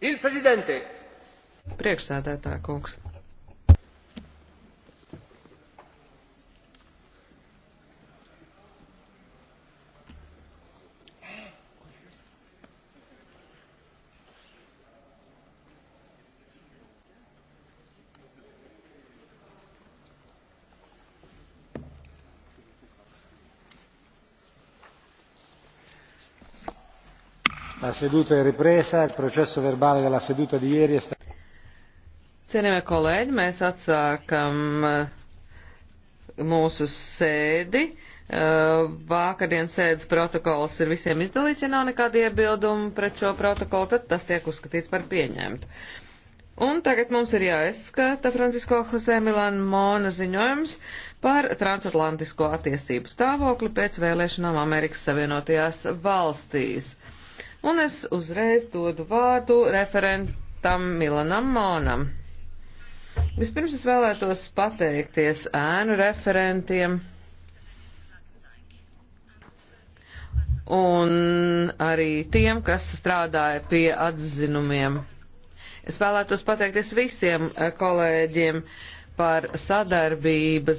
Il Presidente. Priekšsēdētā kungs. La seduta ir ripresa, il processo verbale della seduta di ieri è stato. Cienījamie kolēģi, mēs atsākam uh, mūsu sēdi. Uh, vakardienas sēdes protokols ir visiem izdalīts, ja nav nekāda iebilduma pret šo protokolu, tad tas tiek uzskatīts par pieņemtu. Un tagad mums ir jāizskata Francisko Jose Milana Mona ziņojums par transatlantisko attiecību stāvokli pēc vēlēšanām Amerikas Savienotajās valstīs. Uh, Un es uzreiz dodu vārdu referentam Milanam Monam. Vispirms es vēlētos pateikties ēnu referentiem un arī tiem, kas strādāja pie atzinumiem. Es vēlētos pateikties visiem eh, kolēģiem par sadarbības